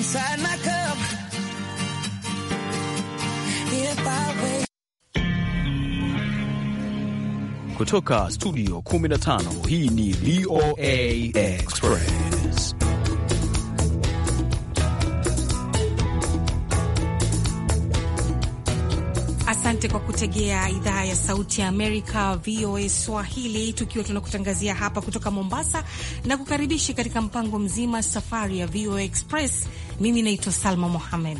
inside my cup. If I wait. Kutoka studio 15 hii ni VOA Express. Asante kwa kutegea idhaa ya Sauti ya Amerika, VOA Swahili, tukiwa tunakutangazia hapa kutoka Mombasa na kukaribisha katika mpango mzima safari ya VOA Express. Mimi naitwa Salma Mohamed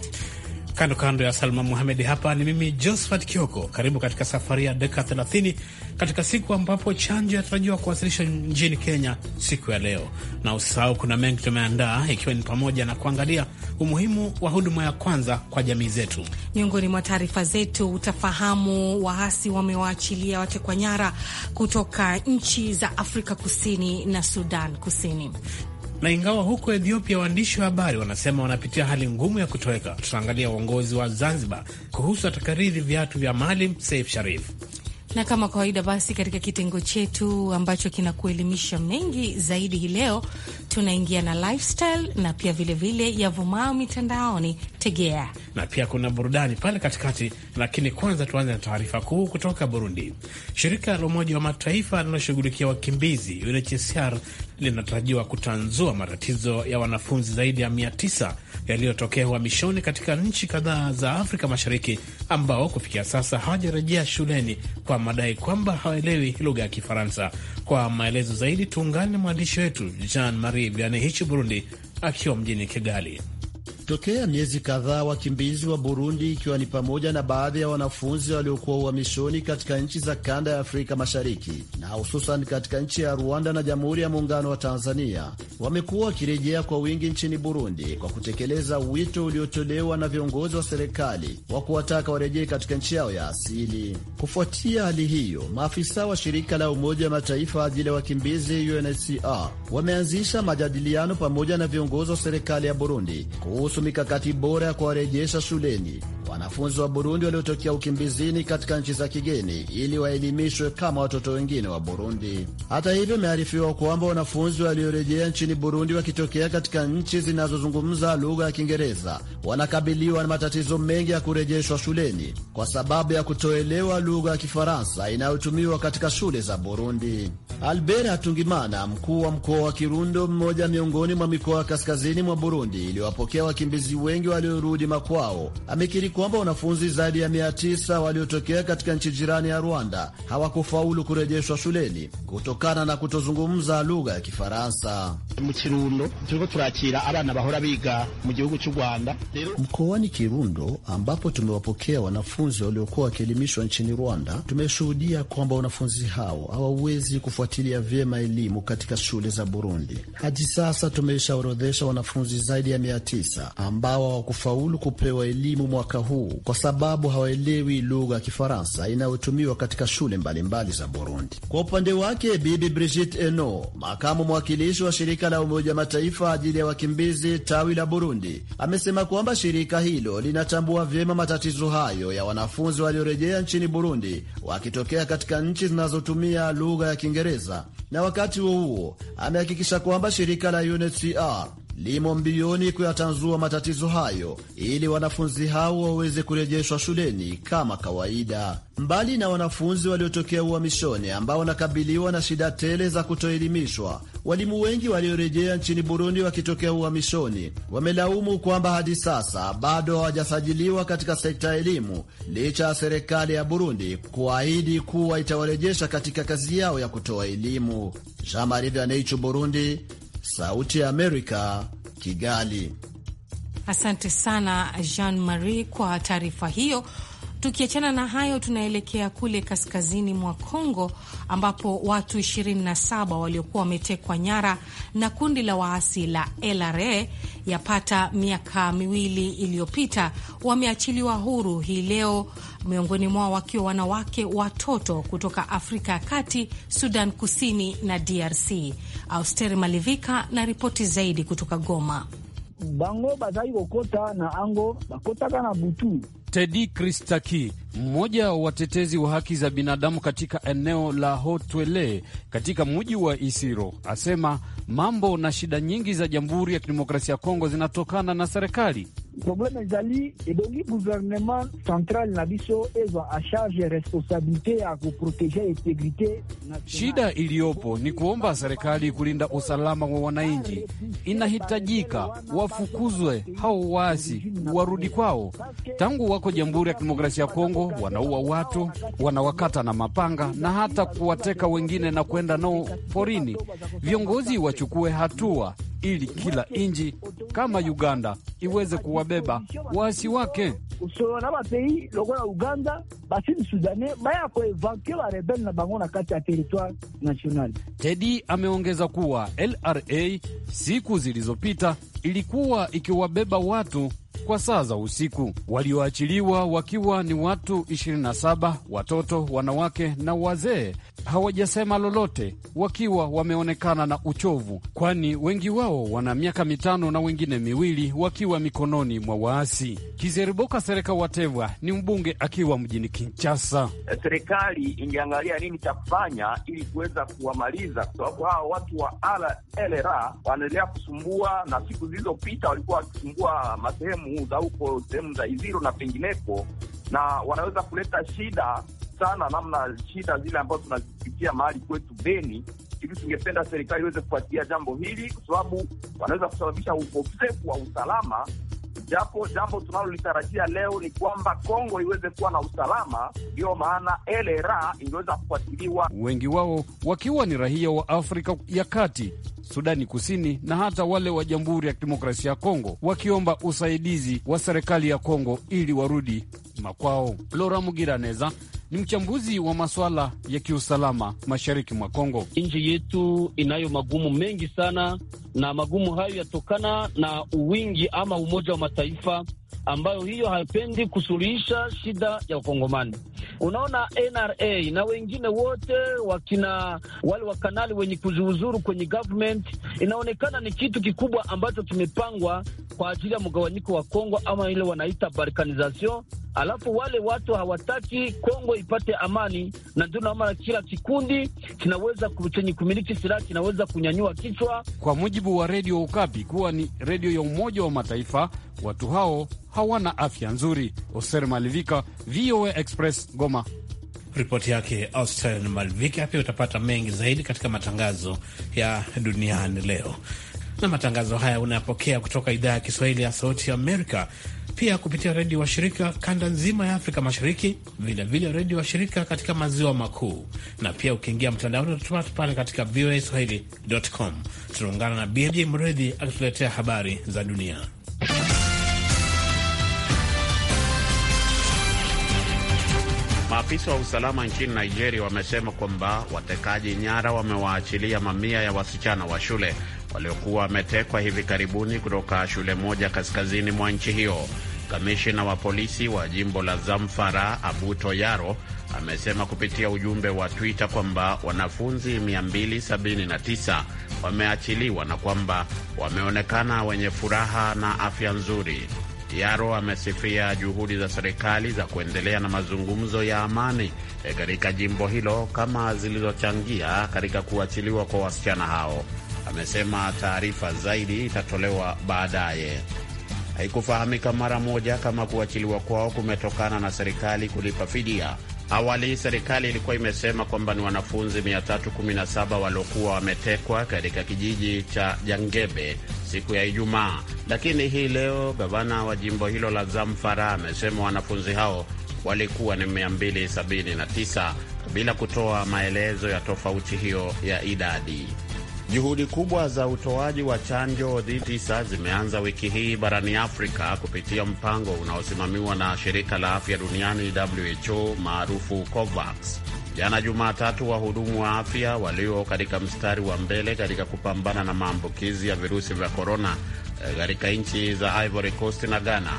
Kando kando ya Salma Muhamedi, hapa ni mimi Josephat Kioko. Karibu katika safari ya dakika 30 katika siku ambapo chanjo yatarajiwa kuwasilishwa nchini Kenya siku ya leo, na usisahau kuna mengi tumeandaa, ikiwa ni pamoja na kuangalia umuhimu wa huduma ya kwanza kwa jamii zetu. Miongoni mwa taarifa zetu utafahamu waasi wamewaachilia watekwa nyara kutoka nchi za Afrika Kusini na Sudan Kusini na ingawa huko Ethiopia waandishi wa habari wanasema wanapitia hali ngumu ya kutoweka, tutaangalia uongozi wa Zanzibar kuhusu atakaridhi viatu vya Maalim Seif Sharif na kama kawaida basi, katika kitengo chetu ambacho kinakuelimisha mengi zaidi, hii leo tunaingia na lifestyle na pia vilevile yavumao mitandaoni tegea na pia kuna burudani pale katikati. Lakini kwanza tuanze na taarifa kuu kutoka Burundi. Shirika la Umoja wa Mataifa linaloshughulikia wakimbizi UNHCR linatarajiwa kutanzua matatizo ya wanafunzi zaidi ya mia tisa yaliyotokea uhamishoni katika nchi kadhaa za Afrika Mashariki ambao kufikia sasa hawajarejea shuleni kwa madai kwamba hawaelewi lugha ya Kifaransa. Kwa maelezo zaidi tuungane mwandishi wetu Jean Marie Vianney Hichi Burundi akiwa mjini Kigali. Tokea miezi kadhaa wakimbizi wa Burundi, ikiwa ni pamoja na baadhi ya wanafunzi waliokuwa uhamishoni katika nchi za kanda ya Afrika Mashariki na hususan katika nchi ya Rwanda na Jamhuri ya Muungano wa Tanzania, wamekuwa wakirejea kwa wingi nchini Burundi kwa kutekeleza wito uliotolewa na viongozi wa serikali wa kuwataka warejee katika nchi yao ya asili. Kufuatia hali hiyo, maafisa wa shirika la Umoja wa Mataifa ajili ya wakimbizi UNHCR wameanzisha majadiliano pamoja na viongozi wa serikali ya Burundi kuhusu kuhusu mikakati bora ya kuwarejesha shuleni wanafunzi wa Burundi waliotokea ukimbizini katika nchi za kigeni ili waelimishwe kama watoto wengine wa Burundi. Hata hivyo, imearifiwa kwamba wanafunzi waliorejea nchini Burundi wakitokea katika nchi zinazozungumza lugha ya Kiingereza wanakabiliwa na matatizo mengi ya kurejeshwa shuleni kwa sababu ya kutoelewa lugha ya Kifaransa inayotumiwa katika shule za Burundi. Albert Hatungimana, mkuu wa mkoa wa Kirundo, mmoja miongoni mwa mikoa ya kaskazini mwa Burundi iliyowapokea wakimbizi wengi waliorudi makwao, amekiri kwamba wanafunzi zaidi ya mia tisa waliotokea katika nchi jirani ya Rwanda hawakufaulu kurejeshwa shuleni kutokana na kutozungumza lugha ya Kifaransa. Mu Kirundo turakira abana bahora biga mu gihugu cy'u Rwanda. Mkoani Kirundo ambapo tumewapokea wanafunzi waliokuwa wakielimishwa nchini Rwanda, tumeshuhudia kwamba wanafunzi hao hawawezi kufuatilia vyema elimu katika shule za Burundi. Hadi sasa tumeshaorodhesha wanafunzi zaidi ya mia tisa ambao hawakufaulu kupewa elimu mwaka huu huu kwa sababu hawaelewi lugha ya Kifaransa inayotumiwa katika shule mbalimbali za Burundi. Kwa upande wake, Bibi Brigitte Eno, makamu mwakilishi wa shirika la Umoja Mataifa ajili ya wakimbizi tawi la Burundi, amesema kwamba shirika hilo linatambua vyema matatizo hayo ya wanafunzi waliorejea nchini Burundi wakitokea katika nchi zinazotumia lugha ya Kiingereza, na wakati huo huo amehakikisha kwamba shirika la UNHCR limo mbioni kuyatanzua matatizo hayo ili wanafunzi hao waweze kurejeshwa shuleni kama kawaida. Mbali na wanafunzi waliotokea uhamishoni ambao wanakabiliwa na shida tele za kutoelimishwa, walimu wengi waliorejea nchini Burundi wakitokea uhamishoni wamelaumu kwamba hadi sasa bado hawajasajiliwa katika sekta ya elimu licha ya serikali ya Burundi kuahidi kuwa itawarejesha katika kazi yao ya kutoa elimu. Burundi, Sauti ya Amerika, Kigali. Asante sana Jean Marie kwa taarifa hiyo Tukiachana na hayo, tunaelekea kule kaskazini mwa Kongo ambapo watu 27 waliokuwa wametekwa nyara na kundi la waasi la LRA yapata miaka miwili iliyopita wameachiliwa huru hii leo, miongoni mwao wakiwa wanawake, watoto kutoka Afrika ya Kati, Sudan Kusini na DRC. Austeri Malivika na ripoti zaidi kutoka Goma bango bazali kokota na ango bakotaka na butu. Tedi Kristaki, mmoja wa watetezi wa haki za binadamu katika eneo la Hotwele katika mji wa Isiro, asema mambo na shida nyingi za Jamhuri ya Kidemokrasia ya Kongo zinatokana na serikali probleme ezali ebongi gouvernement central na biso ezwa a charge responsabilite ya kuprotege integrite. Shida iliyopo ni kuomba serikali kulinda usalama wa wananchi, inahitajika wafukuzwe hao waasi warudi kwao. Tangu wako Jamhuri ya Kidemokrasia ya Kongo, wanaua watu, wanawakata na mapanga na hata kuwateka wengine na kwenda nao porini. Viongozi wachukue hatua ili kila nchi kama Uganda iweze kuwa kuwabeba waasi wake usolona bapeyi lokola Uganda basini Sudani baya kuevake barebeli na bango na kati ya territoire national. Tedi ameongeza kuwa LRA siku zilizopita ilikuwa ikiwabeba watu kwa saa za usiku, walioachiliwa wakiwa ni watu 27 watoto, wanawake na wazee hawajasema lolote, wakiwa wameonekana na uchovu, kwani wengi wao wana miaka mitano na wengine miwili wakiwa mikononi mwa waasi. Kizeriboka Sereka Watevwa ni mbunge akiwa mjini kinchasa Serikali ingeangalia nini cha kufanya ili kuweza kuwamaliza, kwa sababu hawa watu wa RLRA wanaendelea kusumbua, na siku zilizopita walikuwa wakisumbua masehemu za huko sehemu za Iziro na penginepo, na wanaweza kuleta shida sana namna shida zile ambazo tunazipitia mahali kwetu Beni, ili tungependa serikali iweze kufuatilia jambo hili, kwa sababu wanaweza kusababisha ukosefu wa usalama. Japo jambo tunalolitarajia leo ni kwamba Kongo iweze kuwa na usalama, ndiyo maana LRA ingeweza kufuatiliwa, wengi wao wakiwa ni raia wa Afrika ya Kati, Sudani Kusini na hata wale wa Jamhuri ya Kidemokrasia ya Kongo wakiomba usaidizi wa serikali ya Kongo ili warudi makwao. Lora Mugiraneza, ni mchambuzi wa masuala ya kiusalama mashariki mwa Kongo. Nchi yetu inayo magumu mengi sana, na magumu hayo yatokana na uwingi ama Umoja wa Mataifa ambayo hiyo hapendi kusuluhisha shida ya Wakongomani. Unaona, NRA na wengine wote wakina wale wakanali wenye kuzuuzuru kwenye government, inaonekana ni kitu kikubwa ambacho kimepangwa kwa ajili ya mgawanyiko wa Kongo ama ile wanaita balkanization. Alafu wale watu hawataki Kongo ipate amani, na ndio naona kila kikundi kinaweza chenye kumiliki silaha kinaweza kunyanyua kichwa. Kwa mujibu wa redio Ukapi kuwa ni redio ya Umoja wa Mataifa, watu hao hawana afya nzuri. Oser Malivika, VOA Express, Goma. Ripoti yake Austin Malivika. Pia utapata mengi zaidi katika matangazo ya duniani leo, na matangazo haya unayapokea kutoka idhaa ya Kiswahili ya Sauti ya Amerika, pia kupitia redio wa shirika kanda nzima ya Afrika Mashariki, vilevile redio wa shirika katika maziwa makuu. Na pia ukiingia mtandaoni utatupata pale katika VOA swahili.com. Tunaungana na BMJ Mredhi akituletea habari za dunia. Maafisa wa usalama nchini Nigeria wamesema kwamba watekaji nyara wamewaachilia mamia ya wasichana wa shule waliokuwa wametekwa hivi karibuni kutoka shule moja kaskazini mwa nchi hiyo. Kamishina wa polisi wa jimbo la Zamfara Abuto Yaro amesema kupitia ujumbe wa Twitter kwamba wanafunzi 279 wameachiliwa na kwamba wameonekana wenye furaha na afya nzuri. Yaro amesifia juhudi za serikali za kuendelea na mazungumzo ya amani e, katika jimbo hilo kama zilizochangia katika kuachiliwa kwa wasichana hao. Amesema taarifa zaidi itatolewa baadaye. Haikufahamika mara moja kama kuachiliwa kwao kumetokana na serikali kulipa fidia Awali serikali ilikuwa imesema kwamba ni wanafunzi 317 waliokuwa wametekwa katika kijiji cha Jangebe siku ya Ijumaa, lakini hii leo gavana wa jimbo hilo la Zamfara amesema wanafunzi hao walikuwa ni 279 bila kutoa maelezo ya tofauti hiyo ya idadi. Juhudi kubwa za utoaji wa chanjo dhidi tisa zimeanza wiki hii barani Afrika kupitia mpango unaosimamiwa na shirika la afya duniani WHO maarufu COVAX. Jana Jumatatu, wahudumu wa afya walio katika mstari wa mbele katika kupambana na maambukizi ya virusi vya korona eh, katika nchi za Ivory Coast na Ghana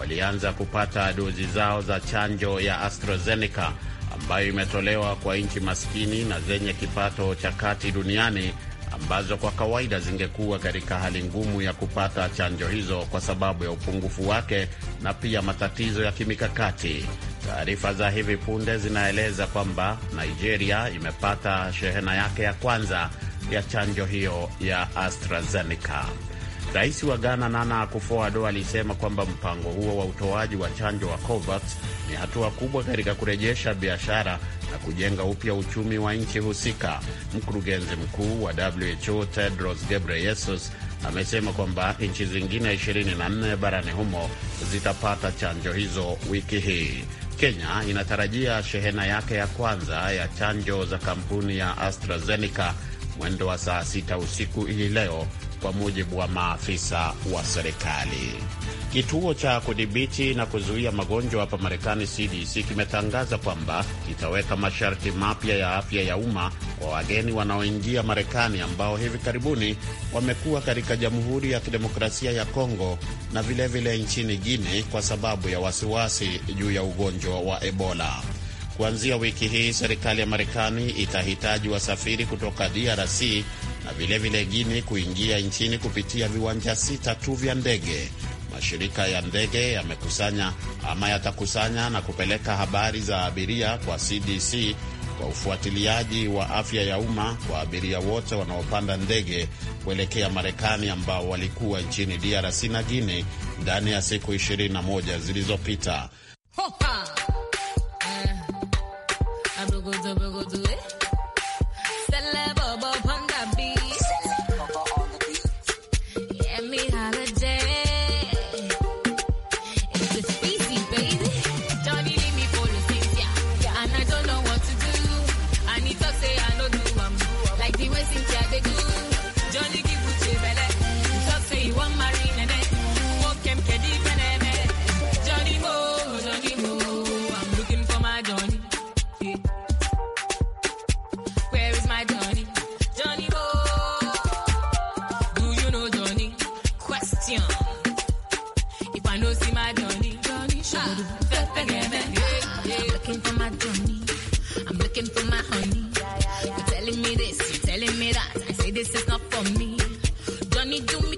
walianza kupata dozi zao za chanjo ya AstraZeneca ambayo imetolewa kwa nchi maskini na zenye kipato cha kati duniani ambazo kwa kawaida zingekuwa katika hali ngumu ya kupata chanjo hizo kwa sababu ya upungufu wake na pia matatizo ya kimikakati. Taarifa za hivi punde zinaeleza kwamba Nigeria imepata shehena yake ya kwanza ya chanjo hiyo ya AstraZeneca. Rais wa Ghana Nana Akufo-Addo alisema kwamba mpango huo wa utoaji wa chanjo wa COVAX ni hatua kubwa katika kurejesha biashara na kujenga upya uchumi wa nchi husika. Mkurugenzi mkuu wa WHO Tedros Ghebreyesus amesema kwamba nchi zingine 24 barani humo zitapata chanjo hizo wiki hii. Kenya inatarajia shehena yake ya kwanza ya chanjo za kampuni ya AstraZeneca mwendo wa saa sita usiku hii leo kwa mujibu wa maafisa wa serikali. Kituo cha kudhibiti na kuzuia magonjwa hapa Marekani, CDC, kimetangaza kwamba kitaweka masharti mapya ya afya ya umma kwa wageni wanaoingia Marekani ambao hivi karibuni wamekuwa katika Jamhuri ya Kidemokrasia ya Kongo na vilevile vile nchini Guinea kwa sababu ya wasiwasi juu ya ugonjwa wa Ebola. Kuanzia wiki hii serikali ya Marekani itahitaji wasafiri kutoka DRC na vilevile Guini kuingia nchini kupitia viwanja sita tu vya ndege. Mashirika ya ndege yamekusanya ama yatakusanya na kupeleka habari za abiria kwa CDC kwa ufuatiliaji wa afya ya umma kwa abiria wote wanaopanda ndege kuelekea Marekani ambao walikuwa nchini DRC na Guini ndani ya siku 21 zilizopita. do me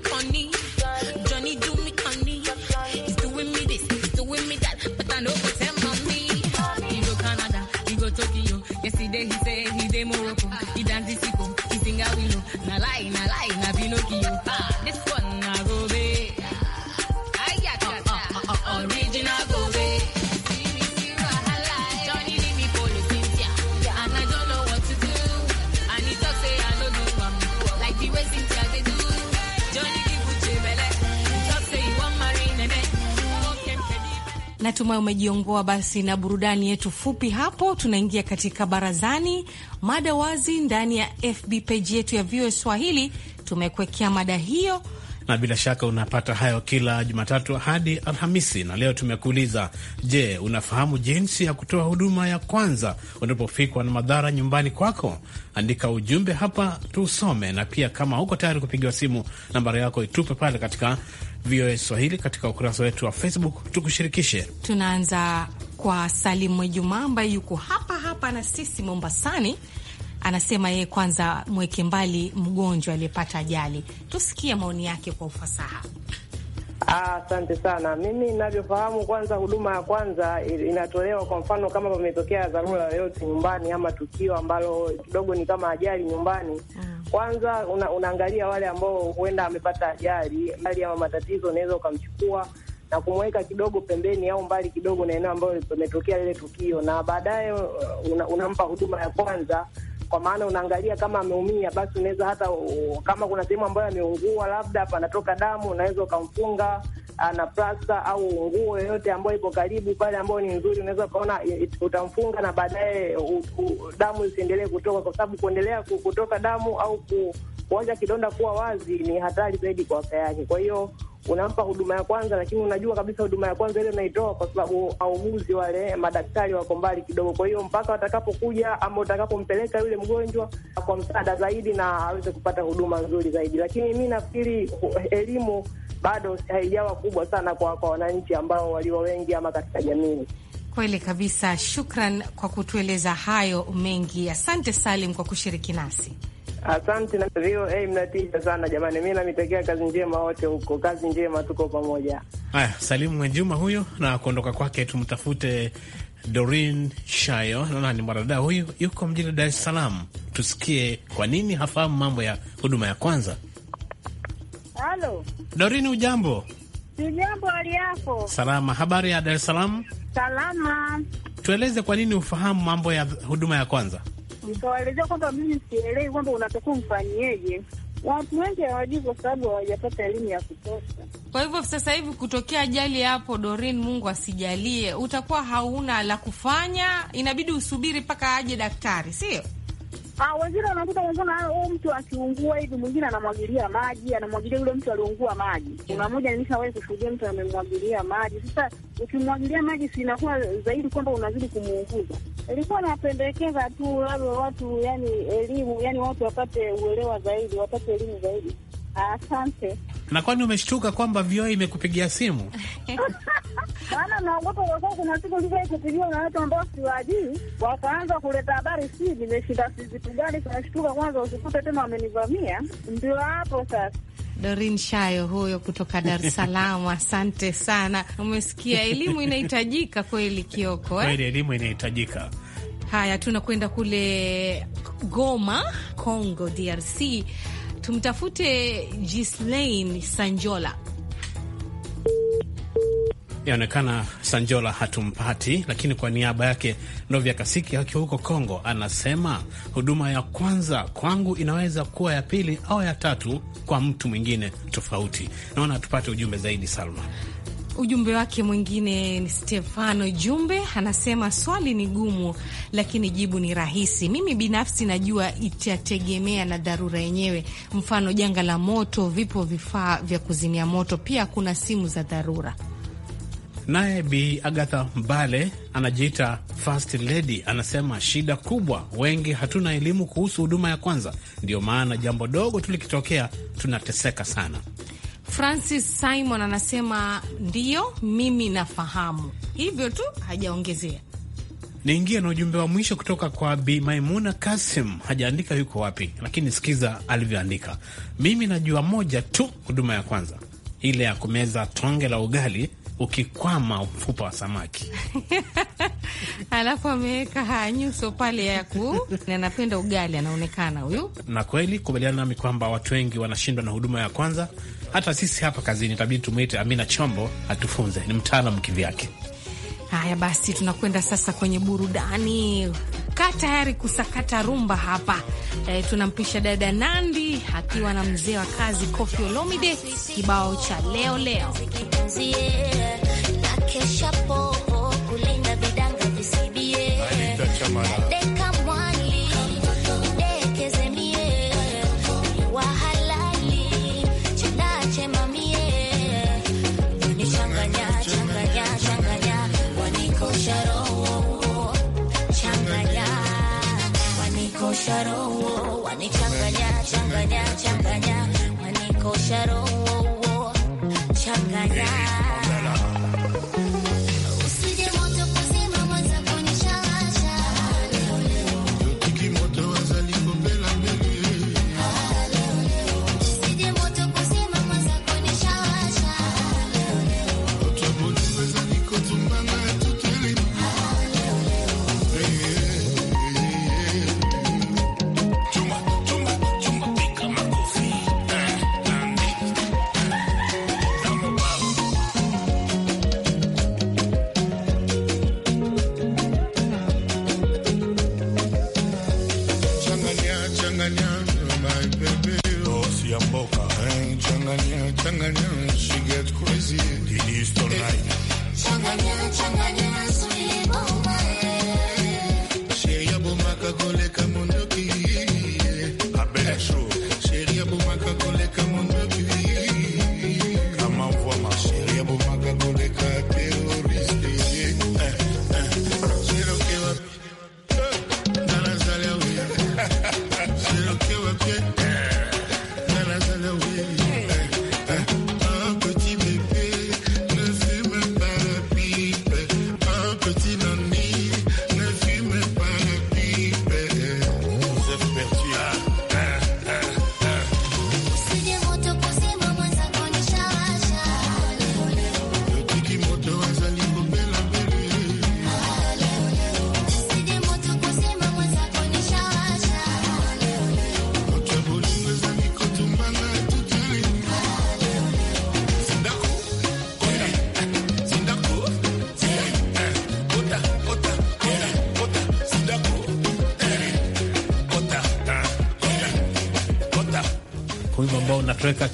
Natumai umejiongoa basi na burudani yetu fupi hapo. Tunaingia katika barazani, mada wazi ndani ya FB page yetu ya VOA Swahili. Tumekuekea mada hiyo na bila shaka unapata hayo kila Jumatatu hadi Alhamisi. Na leo tumekuuliza, je, unafahamu jinsi ya kutoa huduma ya kwanza unapofikwa na madhara nyumbani kwako? Andika ujumbe hapa tusome, na pia kama uko tayari kupigiwa simu, nambari yako itupe pale katika VOA Swahili katika ukurasa wetu wa Facebook, tukushirikishe. Tunaanza kwa Salimu jumaa ambaye yuko hapa hapa na sisi Mombasani anasema yeye kwanza mweke mbali mgonjwa aliyepata ajali. Tusikie maoni yake kwa ufasaha. Asante ah, sana. Mimi ninavyofahamu, kwanza huduma ya kwanza inatolewa, kwa mfano kama pametokea dharura yoyote nyumbani ama tukio ambalo kidogo ni kama ajali nyumbani mm. Kwanza una, unaangalia wale ambao huenda amepata ajali mbali ama matatizo, unaweza ukamchukua na kumweka kidogo pembeni au mbali kidogo na eneo ambayo pametokea lile tukio, na baadaye uh, unampa una huduma ya kwanza kwa maana unaangalia kama ameumia, basi unaweza hata uh, kama kuna sehemu ambayo ameungua, labda panatoka damu, unaweza ukamfunga na plasta au nguo yoyote ambayo iko karibu pale, ambayo ni nzuri, unaweza ukaona utamfunga na baadaye damu isiendelee kutoka, kwa sababu kuendelea kutoka damu au ku kuacha kidonda kuwa wazi ni hatari zaidi kwa afya yake. Kwa hiyo unampa huduma ya kwanza, lakini unajua kabisa huduma ya kwanza ile unaitoa, kwa sababu auguzi wale madaktari wako mbali kidogo. Kwa hiyo mpaka watakapokuja ama utakapompeleka yule mgonjwa kwa msaada zaidi, na aweze kupata huduma nzuri zaidi. Lakini mi nafikiri elimu bado haijawa kubwa sana kwa, kwa wananchi ambao walio wengi ama katika jamii. Kweli kabisa, shukran kwa kutueleza hayo mengi. Asante Salim kwa kushiriki nasi. Asante na VOA, mnatisha sana jamani, mi namitekea kazi njema wote huko, kazi njema, tuko pamoja. Haya, Salimu Mwenjuma huyo na kuondoka kwake, tumtafute Dorin Shayo, naona ni mwanadada huyu, yuko mjini Dar es Salaam. Tusikie kwa nini hafahamu mambo ya huduma ya kwanza. Halo Dorin, ujambo? Ujambo, hali yako? Salama. Habari ya Dar es Salaam? Salama. Tueleze kwa nini ufahamu mambo ya huduma ya kwanza nikawaelezea kwamba mimi sielewi kwamba unatakiwa mfanyieje. Watu wengi hawajui kwa sababu hawajapata elimu ya kutosha. Kwa hivyo sasa hivi kutokea ajali hapo, Dorin, Mungu asijalie, utakuwa hauna la kufanya, inabidi usubiri mpaka aje daktari, sio? Ah, wengine wanakuta kwa mfano ah, mtu akiungua hivi, mwingine anamwagilia maji, anamwagilia yule mtu aliungua maji. Kuna mmoja nilishawahi kushuhudia mtu amemwagilia maji. Sasa ukimwagilia maji, si inakuwa zaidi kwamba unazidi kumuunguza. Ilikuwa napendekeza tu labda watu, yani elimu, yani watu wapate uelewa zaidi, wapate elimu zaidi. Asante. Na kwani umeshtuka kwamba VOA imekupigia simu? Maana naogopa kwa sababu kuna siku nilizokupigiwa na watu ambao siwajui, wakaanza kuleta habari, si nimeshinda, si vitu gani, tunashtuka kwanza, usikute tena wamenivamia. Ndio hapo sasa. Dorin Shayo huyo kutoka Dar es Salaam, asante sana. Umesikia, elimu inahitajika kweli, Kioko eh? Kweli elimu inahitajika. Haya, tunakwenda kule Goma, Congo DRC tumtafute Gislain Sanjola. Inaonekana Sanjola hatumpati, lakini kwa niaba yake Novya Kasiki akiwa huko Kongo anasema huduma ya kwanza kwangu inaweza kuwa ya pili au ya tatu kwa mtu mwingine tofauti. Naona tupate ujumbe zaidi, Salma. Ujumbe wake mwingine ni Stefano Jumbe anasema swali ni gumu, lakini jibu ni rahisi. Mimi binafsi najua itategemea na dharura yenyewe, mfano janga la moto, vipo vifaa vya kuzimia moto, pia kuna simu za dharura. Naye Bi Agatha Mbale anajiita First Lady anasema shida kubwa, wengi hatuna elimu kuhusu huduma ya kwanza, ndio maana jambo dogo tulikitokea tunateseka sana. Francis Simon anasema ndiyo, mimi nafahamu hivyo tu, hajaongezea. Niingie na ujumbe wa mwisho kutoka kwa Bi Maimuna Kasim. Hajaandika yuko wapi, lakini sikiza alivyoandika. Mimi najua moja tu, huduma ya kwanza ile ya kumeza tonge la ugali ukikwama mfupa wa samaki alafu ameweka hanyuso nyuso pale ya ku anapenda ugali, anaonekana huyu. Na kweli kubaliana nami kwamba watu wengi wanashindwa na huduma ya kwanza, hata sisi hapa kazini itabidi tumwite Amina Chombo atufunze, ni mtaalamu kivyake. Haya basi, tunakwenda sasa kwenye burudani. Kaa tayari kusakata rumba hapa. E, tunampisha dada Nandi akiwa na mzee wa kazi Kofi Olomide, kibao cha leo leo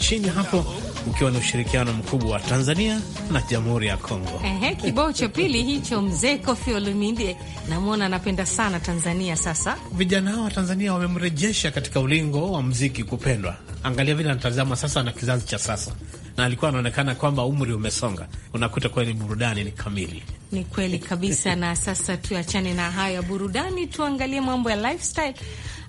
chini hapo ukiwa na ushirikiano mkubwa wa Tanzania na Jamhuri ya Kongo. Ehe, kibao cha pili hicho, mzee Kofi Olumide, namwona anapenda sana Tanzania. Sasa vijana hao wa Tanzania wamemrejesha katika ulingo wa mziki kupendwa. Angalia vile anatazama sasa na kizazi cha sasa, na alikuwa anaonekana kwamba umri umesonga, unakuta kweli burudani ni kamili. Ni kweli kabisa. na sasa tuachane na hayo ya burudani, tuangalie mambo ya lifestyle,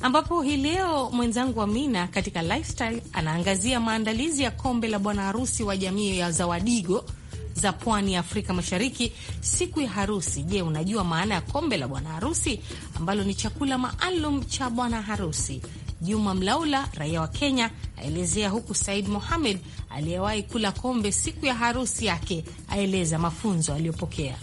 ambapo hii leo mwenzangu Amina katika lifestyle anaangazia maandalizi ya kombe la bwana harusi wa jamii ya Zawadigo za pwani ya Afrika Mashariki, siku ya harusi. Je, unajua maana ya kombe la bwana harusi ambalo ni chakula maalum cha bwana harusi? Juma Mlaula, raia wa Kenya, aelezea, huku Said Mohamed aliyewahi kula kombe siku ya harusi yake aeleza mafunzo aliyopokea.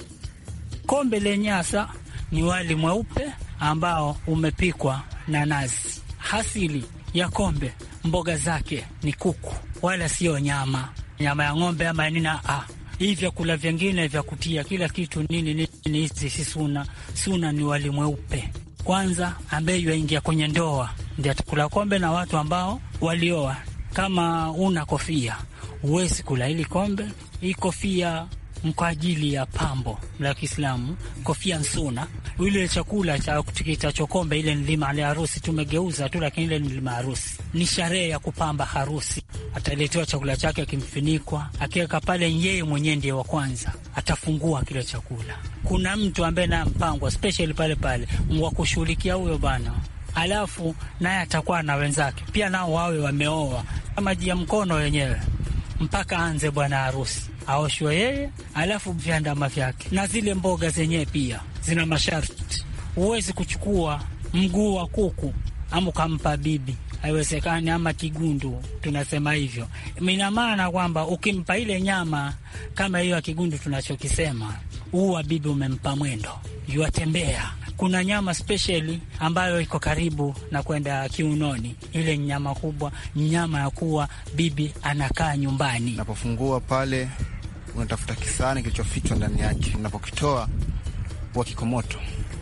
Kombe lenye hasa ni wali mweupe ambao umepikwa na nazi. Hasili ya kombe, mboga zake ni kuku, wala siyo nyama, nyama ya ng'ombe ama nina a hii vyakula vyengine vya kutia kila kitu nini nini, hizi si suna. Suna ni wali mweupe kwanza, ambaye yuaingia kwenye ndoa ndi atakula kombe, na watu ambao walioa. Kama una kofia, huwezi kula hili kombe. Hii kofia kwa ajili ya pambo la Kiislamu, kofia nsuna, ile chakula cha kutikita chokombe, ile nlima ya harusi tumegeuza tu, lakini ile nlima harusi ni sherehe ya kupamba harusi. Ataletewa chakula chake akimfinikwa, akiweka pale, yeye mwenyewe ndiye wa kwanza atafungua kile chakula. Kuna mtu ambaye naye mpangwa special pale pale wa kushughulikia huyo bana alafu naye atakuwa na wenzake pia, nao wawe wameoa maji ya mkono wenyewe mpaka anze bwana harusi aoshwe yeye, alafu vyandama vyake na zile mboga zenyewe pia zina masharti. Huwezi kuchukua mguu wa kuku ama ukampa bibi, haiwezekani, ama kigundu. Tunasema hivyo, ina maana kwamba ukimpa ile nyama kama hiyo ya kigundu tunachokisema huu wabibi umempa mwendo, yuatembea kuna nyama spesheli ambayo iko karibu na kwenda kiunoni, ile nyama kubwa, nyama ya kuwa bibi anakaa nyumbani. Napofungua pale, unatafuta kisani kilichofichwa ndani yake. Unapokitoa huwa kiko moto,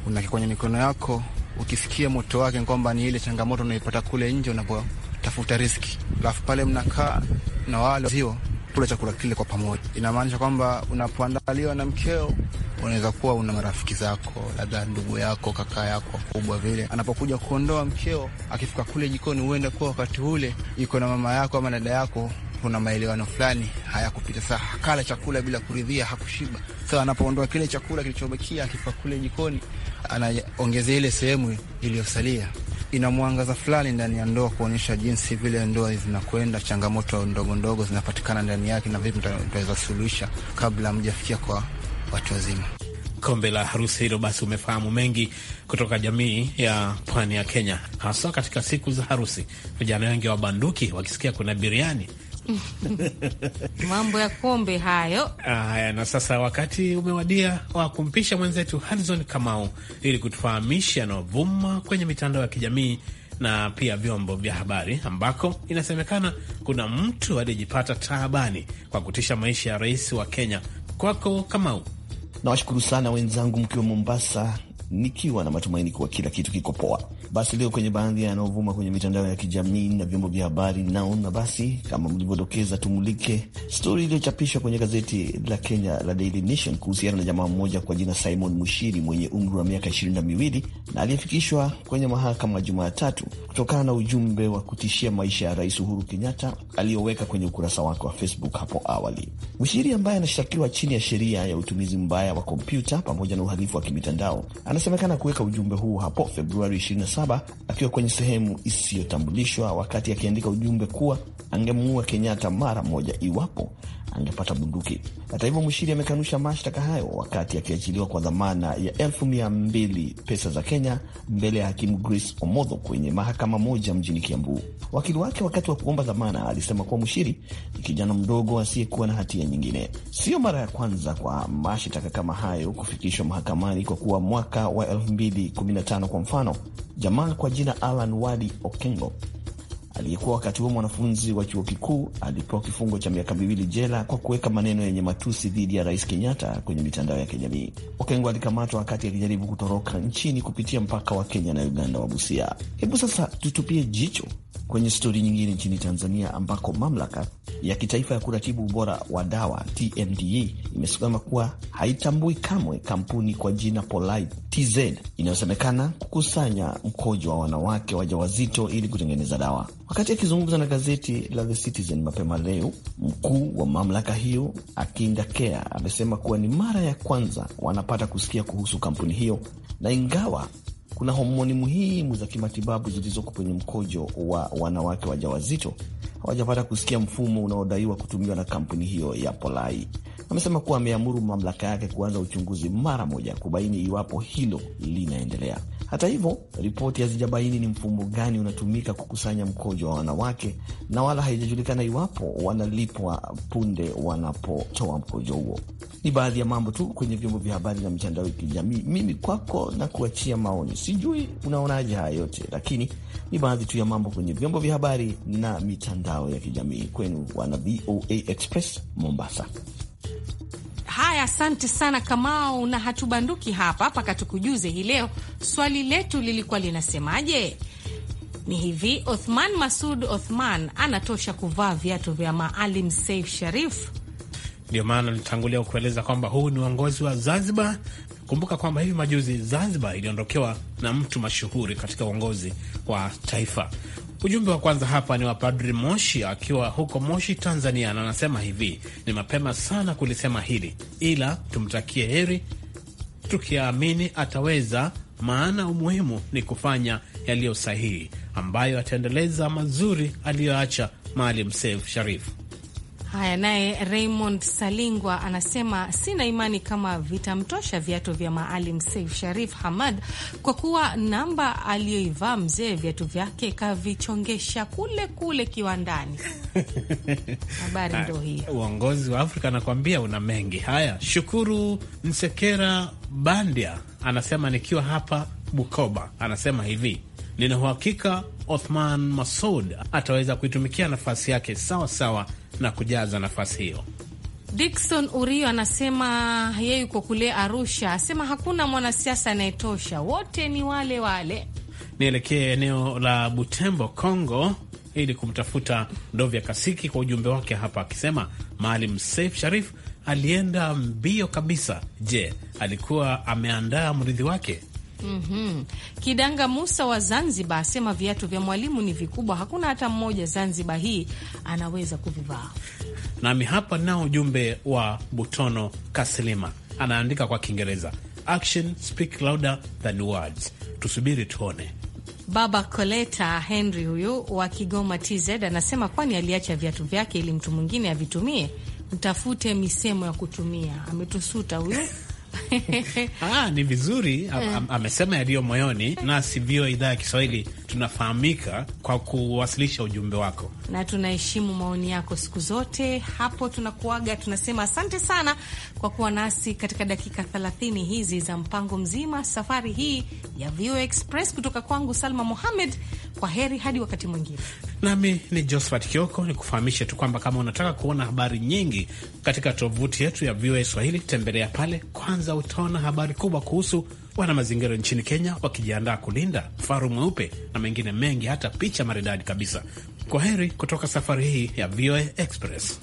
unaweka kwenye mikono yako, ukisikia moto wake kwamba ni ile changamoto unaipata kule nje unapotafuta riski. Alafu pale mnakaa na wale zio kula chakula kile kwa pamoja. Inamaanisha kwamba unapoandaliwa na mkeo, unaweza kuwa una marafiki zako, labda ndugu yako, kaka yako wakubwa vile. Anapokuja kuondoa mkeo, akifika kule jikoni, huenda kuwa wakati ule iko na mama yako ama dada yako kuna maelewano fulani hayakupita Saa Hakala chakula bila kuridhia, hakushiba saa So, anapoondoa kile chakula kilichobakia, akifika kule jikoni, anaongezea ile sehemu iliyosalia ina mwangaza fulani ndani ya ndoa kuonyesha jinsi vile ndoa zinakwenda, changamoto ndogo ndogo zinapatikana ndani yake na vipi mtaweza suluhisha kabla mjafikia kwa watu wazima. Kombe la harusi hilo, basi umefahamu mengi kutoka jamii ya pwani ya Kenya, haswa katika siku za harusi. Vijana wengi wa banduki wakisikia kuna biriani mambo ya kombe hayo. Ah, haya, na sasa wakati umewadia wa kumpisha mwenzetu Harrison Kamau ili kutufahamisha yanayovuma kwenye mitandao ya kijamii na pia vyombo vya habari ambako inasemekana kuna mtu aliyejipata taabani kwa kutisha maisha ya rais wa Kenya. Kwako Kamau. Nawashukuru sana wenzangu mkiwa Mombasa, nikiwa na matumaini kuwa kila kitu kiko poa. Basi leo kwenye baadhi yanayovuma kwenye mitandao ya kijamii na vyombo vya habari, naona basi kama mlivyodokeza, tumulike stori iliyochapishwa kwenye gazeti la Kenya la Daily Nation kuhusiana na jamaa mmoja kwa jina Simon Mushiri mwenye umri wa miaka ishirini na miwili na aliyefikishwa kwenye mahakama Jumatatu kutokana na ujumbe wa kutishia maisha ya Rais Uhuru Kenyatta aliyoweka kwenye ukurasa wake wa Facebook hapo awali. Mushiri ambaye anashtakiwa chini ya sheria ya utumizi mbaya wa kompyuta pamoja na uhalifu wa kimitandao anasemekana kuweka ujumbe huu hapo Februari akiwa kwenye sehemu isiyotambulishwa wakati akiandika ujumbe kuwa angemuua Kenyatta mara moja iwapo angepata bunduki. Hata hivyo, mshiri amekanusha mashtaka hayo wakati akiachiliwa kwa dhamana ya elfu mia mbili pesa za Kenya mbele ya hakimu Grace omodho kwenye mahakama moja mjini Kiambu. Wakili wake wakati wa kuomba dhamana alisema kuwa Mshiri ni kijana mdogo asiyekuwa na hatia nyingine. Sio mara ya kwanza kwa mashtaka kama hayo kufikishwa mahakamani, kwa kuwa mwaka wa 2015 kwa mfano, jamaa kwa jina Alan Wadi Okengo aliyekuwa wakati huo mwanafunzi wa chuo kikuu alipewa kifungo cha miaka miwili jela kwa kuweka maneno yenye matusi dhidi ya Rais Kenyatta kwenye mitandao ya kijamii. Okengo alikamatwa wakati alijaribu kutoroka nchini kupitia mpaka wa Kenya na Uganda wa Busia. Hebu sasa tutupie jicho Kwenye stori nyingine, nchini Tanzania ambako mamlaka ya kitaifa ya kuratibu ubora wa dawa TMDA imesema kuwa haitambui kamwe kampuni kwa jina Polite TZ inayosemekana kukusanya mkojo wa wanawake wajawazito ili kutengeneza dawa. Wakati akizungumza na gazeti la The Citizen mapema leo, mkuu wa mamlaka hiyo Akinda Kea amesema kuwa ni mara ya kwanza wanapata kusikia kuhusu kampuni hiyo, na ingawa kuna homoni muhimu za kimatibabu zilizoko kwenye mkojo wa wanawake wajawazito hawajapata kusikia mfumo unaodaiwa kutumiwa na kampuni hiyo ya Polai. Amesema kuwa ameamuru mamlaka yake kuanza uchunguzi mara moja kubaini iwapo hilo linaendelea. Hata hivyo, ripoti hazijabaini ni mfumo gani unatumika kukusanya mkojo wa wanawake na wala haijajulikana iwapo wanalipwa punde wanapotoa mkojo huo. Ni baadhi ya mambo tu kwenye vyombo vya habari na mitandao ya kijamii. Mimi kwako na kuachia maoni, sijui unaonaje haya yote, lakini ni baadhi tu ya mambo kwenye vyombo vya habari na mitandao ya kijamii. Kwenu wana VOA Express Mombasa. Haya, asante sana Kamau, na hatubanduki hapa paka tukujuze hii leo swali letu lilikuwa linasemaje? Ni hivi, Othman Masud Othman anatosha kuvaa viatu vya Maalim saif Sharif? Ndio maana nilitangulia kueleza kwamba huu ni uongozi wa Zanzibar. Kumbuka kwamba hivi majuzi Zanzibar iliondokewa na mtu mashuhuri katika uongozi wa taifa. Ujumbe wa kwanza hapa ni wa Padri Moshi akiwa huko Moshi, Tanzania, na anasema hivi: ni mapema sana kulisema hili, ila tumtakie heri tukiamini ataweza, maana umuhimu ni kufanya yaliyo sahihi ambayo ataendeleza mazuri aliyoacha Maalim Seif Sharif. Haya, naye Raymond Salingwa anasema sina imani kama vitamtosha viatu vya Maalim Seif Sharif Hamad kwa kuwa namba aliyoivaa mzee viatu vyake kavichongesha kule kule kiwandani. Habari ndo hii, uongozi wa Afrika anakuambia una mengi. Haya, Shukuru Msekera Bandia anasema nikiwa hapa Bukoba, anasema hivi nina uhakika Othman Masud ataweza kuitumikia nafasi yake sawa sawa na kujaza nafasi hiyo. Dikson Urio anasema yeye yuko kule Arusha, asema hakuna mwanasiasa anayetosha, wote ni wale wale. Nielekee eneo la Butembo, Congo, ili kumtafuta Dovya Kasiki kwa ujumbe wake hapa, akisema Maalim Seif Sharif alienda mbio kabisa. Je, alikuwa ameandaa mrithi wake? Mm -hmm. Kidanga Musa wa Zanzibar asema viatu vya mwalimu ni vikubwa, hakuna hata mmoja Zanzibar hii anaweza kuvivaa. Nami hapa nao ujumbe wa Butono Kasilima anaandika kwa Kiingereza, action speak louder than words. Tusubiri tuone. Baba Koleta Henry huyu wa Kigoma TZ anasema kwani aliacha viatu vyake ili mtu mwingine avitumie? Mtafute misemo ya kutumia. Ametusuta huyu Ah, ni vizuri amesema yaliyo moyoni, nasi vio idhaa ya Kiswahili tunafahamika kwa kuwasilisha ujumbe wako na tunaheshimu maoni yako siku zote. Hapo tunakuaga tunasema asante sana kwa kuwa nasi katika dakika 30 hizi za mpango mzima safari hii ya VOA Express, kutoka kwangu Salma Mohamed. Kwa heri hadi wakati mwingine. Nami ni Josephat Kioko, ni kufahamishe tu kwamba kama unataka kuona habari nyingi katika tovuti yetu ya VOA Swahili, tembelea pale kwanza, utaona habari kubwa kuhusu mazingira nchini Kenya wakijiandaa kulinda faru mweupe na mengine mengi, hata picha maridadi kabisa. Kwa heri kutoka safari hii ya VOA Express.